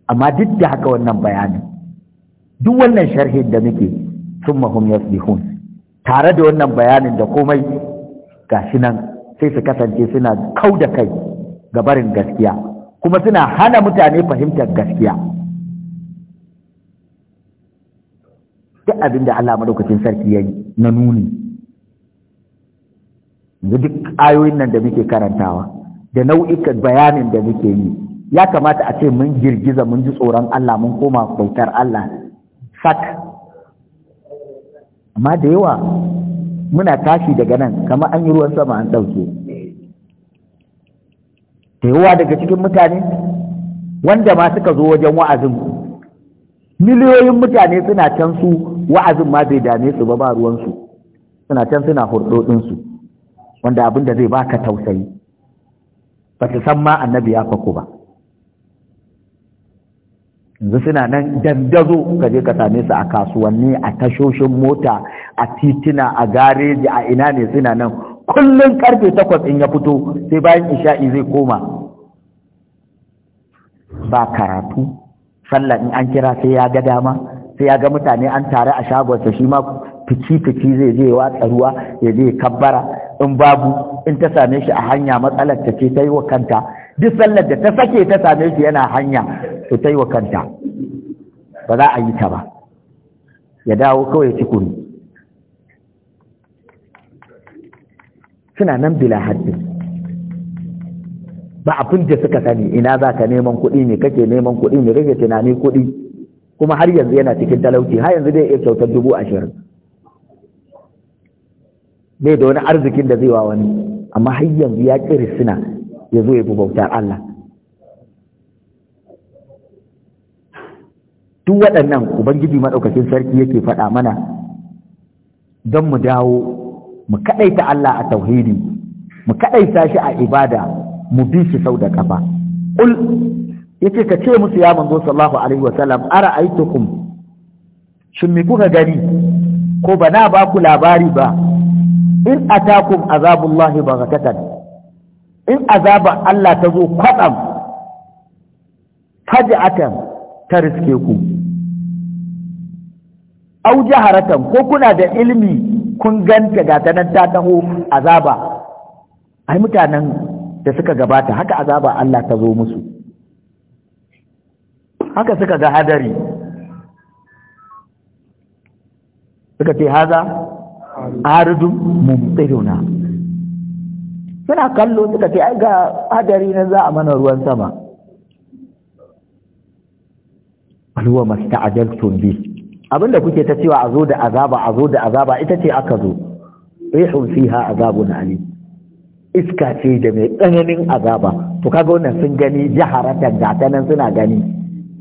amma duk da haka wannan bayanin duk wannan sharhin da muke sun mahum yasbihun tare da wannan bayanin da komai ga shi nan sai su kasance suna kau da kai ga barin gaskiya kuma suna hana mutane fahimtar gaskiya duk abin da Allah madaukakin sarki ya yi na nuni duk ayoyin nan da muke karantawa da nau'ikan bayanin da muke yi ya kamata a ce mun girgiza mun ji tsoron Allah mun koma bautar Allah sak amma da yawa muna tashi daga nan kamar an yi ruwan sama an ɗauke da yawa daga cikin mutane wanda ma suka zo wajen wa'azin miliyoyin mutane suna can su wa'azin ma bai dame su ba ba ruwansu suna can suna hurdodinsu wanda abin da zai baka tausayi ba su san ma annabi ya fako ba yanzu suna nan dandazo ka je ka same su a kasuwanni a tashoshin mota a titina a gareji a ina ne suna nan kullum karfe takwas in ya fito sai bayan isha'i zai koma ba karatu sallah in an kira sai ya ga dama sai ya ga mutane an tare a shagonsa shi ma fici-fici zai je watsa ruwa ya je kabbara in babu in ta same shi a hanya matsalar ta ce ta yi wa kanta duk sallar da ta sake ta same shi yana hanya to ta yi wa kanta ba za a yi ta ba ya dawo kawai ci suna nan bila haddin ba a da suka sani ina za ka neman kuɗi ne kake neman kuɗi ne rage tunani kuɗi kuma har yanzu yana cikin talauci har yanzu zai iya kyautar dubu ashirin bai da wani arzikin da zai wa wani amma har yanzu ya ƙi ya zo ya bi bautar Allah duk waɗannan ubangiji maɗaukacin sarki yake faɗa mana don mu dawo mu kaɗaita Allah a tauhidi mu kaɗaita shi a ibada mu bi shi sau da ƙafa. ƙul yake ka ce musu ya manzo sallahu alaihi wasallam ara aitukum shin me kuka gani ko ba na ba ku labari ba in atakum azabullahi baghtatan in azaban Allah ta zo kwatsam faji'atan ta riske ku au jaharatan ko kuna da ilimi kun ganta ga ta nan ta taho azaba ai mutanen da suka gabata haka azaba Allah ta zo musu haka suka ga hadari suka ce haza arzun mumtiruna suna kallo suka ce ai ga hadari na za a mana ruwan sama alwa masta'ajaltum bi abinda kuke ta cewa a zo da azaba a zo da azaba ita ce aka zo rihun fiha azabun ali iska ce da mai tsananin azaba to kaga wannan sun gani jaharatan gatanan suna gani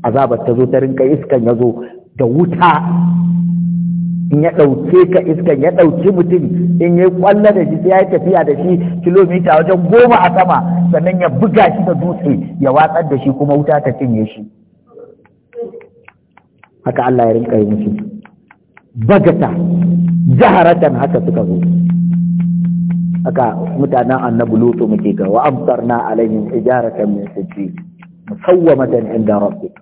azabar ta zo ta rinka iskan yazo da wuta in ya ɗauke ka iskan ya ɗauki mutum in ya kwallo da shi sai ya tafiya da shi kilomita wajen goma a sama sannan ya buga shi da dutse ya watsar da shi kuma wuta ta cinye shi haka Allah ya rinka yi musu bagata jaharatan haka suka zo haka mutanen annabi lutu muke ga wa amtarna alaihim ijaratan min sijjid musawwamatan inda rabbika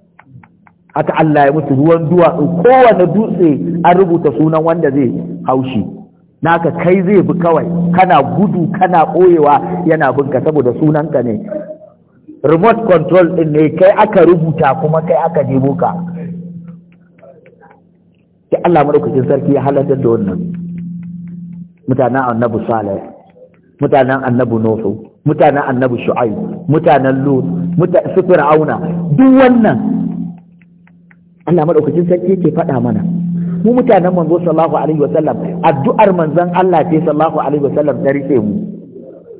Aka Allah ya mutu ruwan in kowane dutse an rubuta sunan wanda zai haushi naka kai zai bi kawai kana gudu kana ɓoyewa yana binka saboda sunanka ne remote control ɗin ne kai aka rubuta kuma kai aka nemo ka Ki Allah madaukakin sarki ya halartar da wannan mutanen annabi salih mutanen annabi nuhu mutanen annabi shu'aib mutanen lut mutanen duk wannan Allah madaukakin sarki ke faɗa mana mu mutanen manzo sallallahu alaihi wasallam addu'ar manzon Allah ce sallallahu alaihi wasallam ta rike mu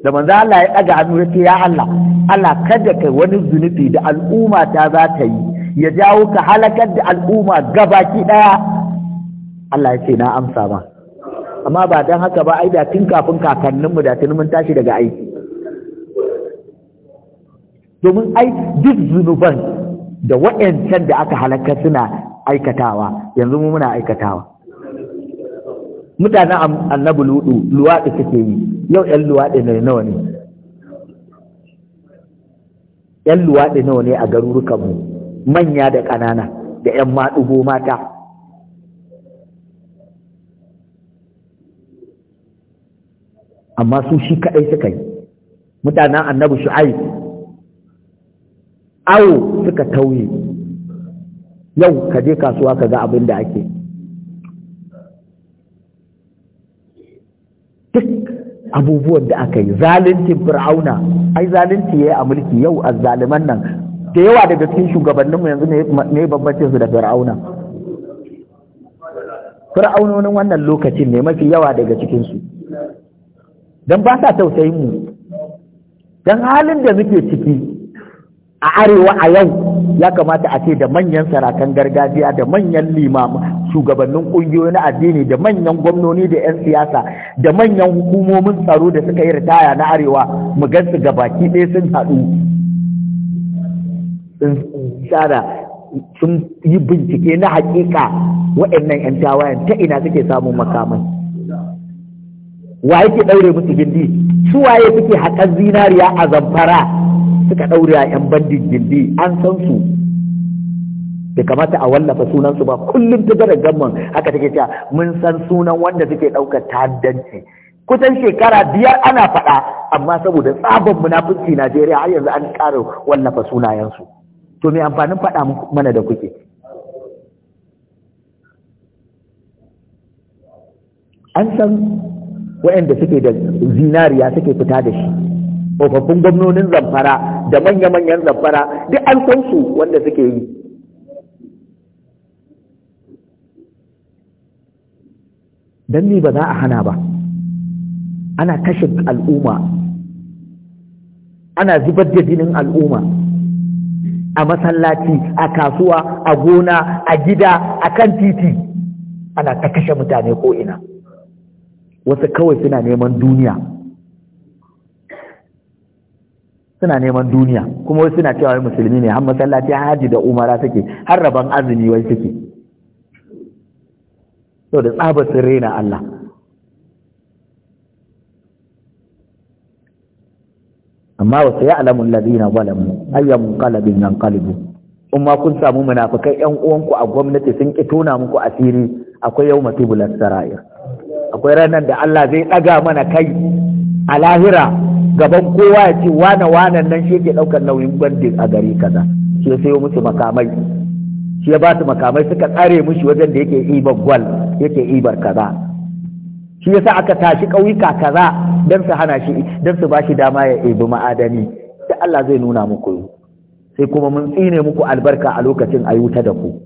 da manzo Allah ya daga hannu ya ce ya Allah Allah kada ka wani zunubi da al'umma ta za ta yi ya jawo ka halakar da al'umma gabaki daya Allah ya ce na amsa ma amma ba dan haka ba ai da tun kafin mu da tun mun tashi daga aiki domin ai duk zunuban da waɗancan da aka halakka suna aikatawa yanzu mu muna aikatawa mutanen annabi ludu luwaɗi suke yi yau ƴan luwaɗi ne nawa ne ƴan luwaɗi nawa ne a garurukanmu manya da ƙanana da ƴan maɗugo mata amma su shi kaɗai suka yi mutanen annabi shu'aib awo suka tauye yau ka je kasuwa ka ga abin da ake duk abubuwan da aka yi zaluncin fir'auna ai zalunci ya yi a mulki yau a zaliman nan da yawa daga cikin shugabanninmu yanzu ne bambancin su da fir'auna fir'aunonin wannan lokacin ne mafi yawa daga cikinsu don ba sa tausayin mu don halin da muke ciki a arewa a yau ya kamata a ce da manyan sarakan gargajiya da manyan limam shugabannin ƙungiyoyi na addini da manyan gwamnoni da 'yan siyasa da manyan hukumomin tsaro da suka yi ritaya na arewa mu gansu gabaki ɗaya sun haɗu sun yi bincike na hakika waɗannan 'yan tawayen ta ina suke samun makamai wa yake ɗaure musu gindi su waye suke haƙar zinariya a zamfara suka ɗaure a 'yan bandin gindi an san su bai kamata a wallafa sunansu ba kullum ta gara gamman haka take cewa mun san sunan wanda suke ɗaukar ta'addanci kusan shekara biyar ana faɗa amma saboda tsaban munafurci Najeriya har yanzu an ƙara wallafa sunayensu to me amfanin faɗa mana da kuke an san waɗanda suke da zinariya suke fita da shi tsofaffin gwamnonin zamfara da manya-manyan zamfara duk an san su wanda suke yi don ni ba za a hana ba ana kashe al'umma ana zubar da jinin al'umma a masallaci a kasuwa a gona a gida a kan titi ana ta kashe mutane ko ina wasu kawai suna neman duniya suna neman duniya kuma wasu suna cewa musulmi ne har masallaci haji da umara suke har rabon azumi wai suke so da tsabar sun rena Allah amma wasu ya alamun ladina zalamu ayyamun qalbin yanqalibu in ma kun samu munafikai ƴan uwanku a gwamnati sun ki tona muku asiri akwai yau matubular sarair akwai ranar da Allah zai ɗaga mana kai a lahira gaban kowa ya ce wane wane nan shi yake ɗaukar nauyin gwandin a gari kaza shi ya sayo musu makamai shi ya ba su makamai suka tsare mushi wajen da yake ibar gwal yake ibar kaza shi yasa aka tashi ƙauyuka kaza don su hana shi don su ba shi dama ya ibi ma'adani da Allah zai nuna muku sai kuma mun tsine muku albarka a lokacin a wuta da ku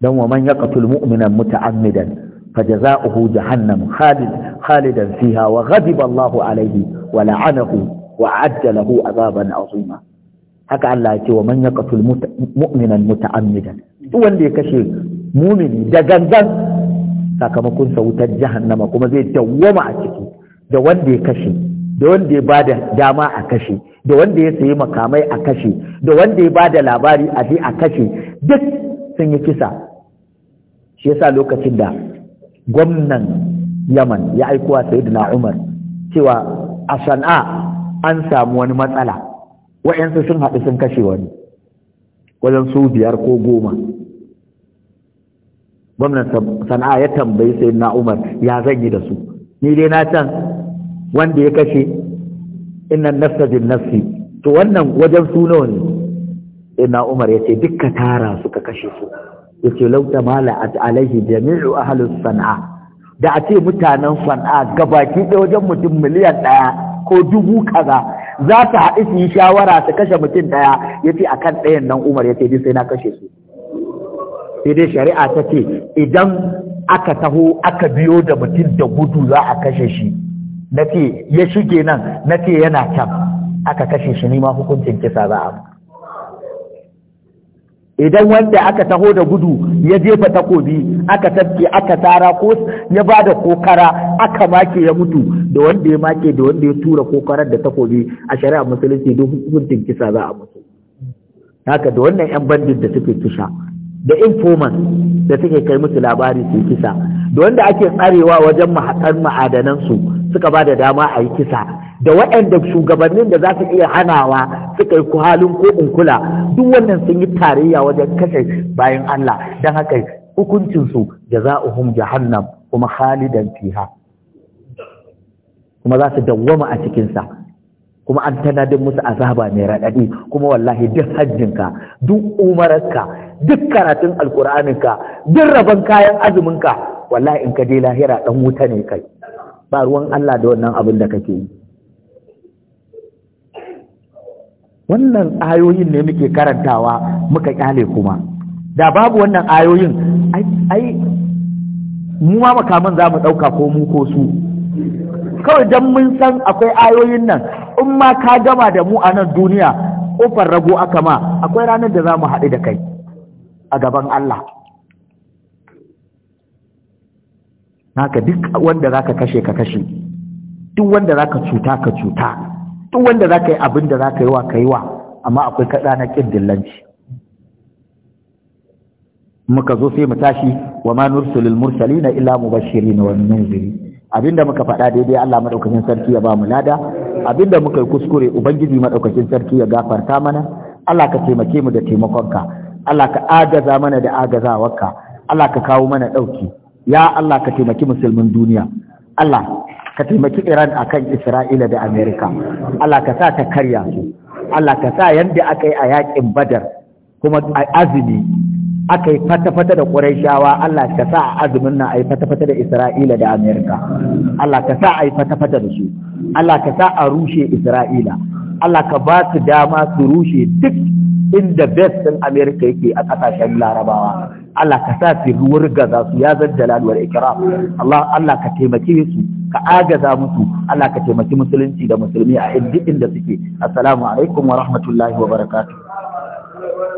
dan wa man yaqtul mu'minan muta'ammidan فجزاؤه جهنم خالد خالدا فيها وغضب الله عليه ولعنه وعد له عذابا عظيما haka Allah ya ce wa man yaqtul mu'minan muta'ammidan duk wanda ya kashe mumini da gangan sakamakon sa wutar jahannama kuma zai dawwama a ciki da wanda ya kashe da wanda ya bada dama a kashe da wanda ya sayi makamai a kashe da wanda ya bada labari a je a kashe duk sun yi kisa shi yasa lokacin da gwamnan yaman ya aikowa da umar cewa a sana'a an samu wani matsala wa'yansu sun haɗu sun kashe wani wajen su biyar ko goma gwamnan sana'a ya tambayi sayyidina umar ya zan yi da su ni dai na can wanda ya kashe innan nafsa jin nafsi to wannan wajen su nawa ne Na'umar umar ya ce dukka tara suka kashe su yace lauta mala'at alaihi jami'u ahlus sana'a da a ce mutanen sana'a gabaki ɗaya wajen mutum miliyan ɗaya ko dubu kaza za ta haɗu su yi shawara su kashe mutum ɗaya yace akan ɗayan nan Umar yace dai sai na kashe su sai dai shari'a ta ce idan aka taho aka biyo da mutum da gudu za a kashe shi nace ya shige nan nace yana can aka kashe shi nima hukuncin kisa za a idan wanda aka taho da gudu ya jefa takobi aka tafke aka tara ko ya ba da kokara aka make ya mutu da wanda ya make da wanda ya tura kokarar da takobi a shari'a musulunci duk hukuntin kisa za a mutu haka da wannan yan bandit da suke kisa da informant da suke kai musu labari su kisa da wanda ake tsarewa wajen mahakan ma'adanansu suka ba da dama a yi kisa da waɗanda shugabannin da za su iya hanawa suka yi halin ko in kula duk wannan sun yi tarayya wajen kashe bayan Allah don haka hukuncinsu da za a hum jahannam kuma halidan fiha kuma za su dawwama a cikinsa kuma an tanadin musu azaba mai raɗaɗi kuma wallahi duk hajjinka duk umararka duk karatun alkur'aninka duk rabon kayan azuminka wallahi in ka je lahira ɗan wuta ne kai ba ruwan Allah da wannan abin da kake yi wannan ayoyin ne muke karantawa muka kyale kuma da babu wannan ayoyin ai mu ma makaman za mu ɗauka ko mu ko su kawai don mun san akwai ayoyin nan in ma ka gama da mu a nan duniya ƙofar rago aka ma akwai ranar da za mu haɗu da kai a gaban Allah naka duk wanda za ka kashe ka kashe duk wanda za ka cuta ka cuta duk wanda za ka yi abin da za ka yi wa ka yi wa amma akwai kaɗa na ƙin dillanci muka zo sai mu tashi wa ma nursulul mursalina illa mubashirin wa munzirin abinda muka faɗa daidai Allah madaukakin sarki ya ba mu lada abinda muka yi kuskure ubangiji madaukakin sarki ya gafarta mana Allah ka taimake mu da taimakonka Allah ka agaza mana da agazawarka Allah ka kawo mana ɗauki ya Allah ka taimaki musulmin duniya Allah ka taimaki Iran a kan Isra'ila da Amerika Allah ka sa ta karya su Allah ka sa yadda aka yi a yaƙin Badar kuma a azumi aka yi fata-fata da ƙwarai-shawa Allah ka sa a azumin na a yi fata-fata da Isra'ila da Amerika Allah ka sa a yi fata-fata da su Allah ka sa a rushe Isra'ila Allah ka ba su dama su rushe duk inda best din Amerika yake a ƙasashen Larabawa Allah ka sa su gaza su ya zan jalal wal ikram Allah Allah ka taimake su ka agaza musu Allah ka taimaki musulunci da musulmi a duk inda suke assalamu alaikum wa rahmatullahi wa barakatuh